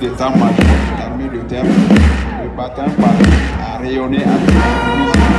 des temps de le terme a rayonné à la musique.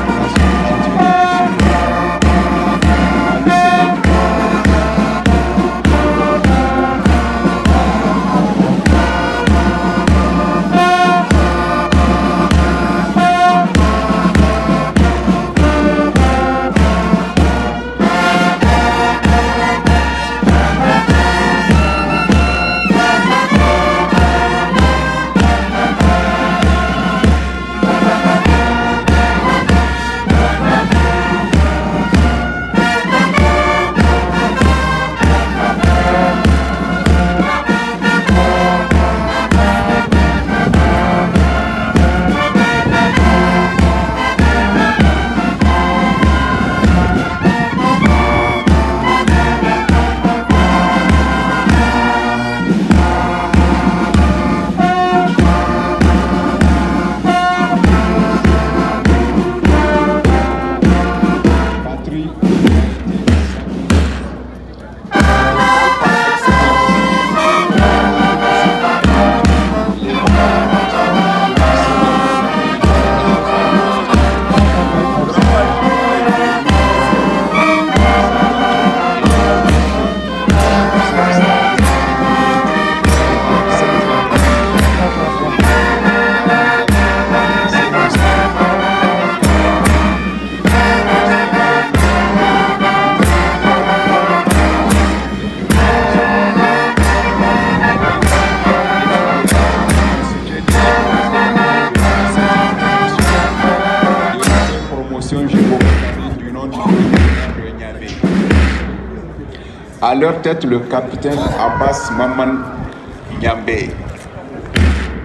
j'ai À leur tête, le capitaine Abbas Maman Nyambé,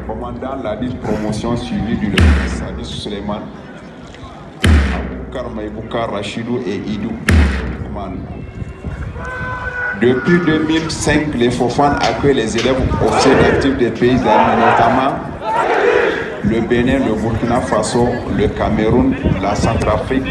commandant la dite promotion suivie du lieutenant Sadis Suleiman, Aboukar Maïboukar Rachidou et Idou depuis 2005, les FOFAN accueillent les élèves officiers actifs des pays d'Allemagne, notamment le Bénin, le Burkina Faso, le Cameroun, la Centrafrique,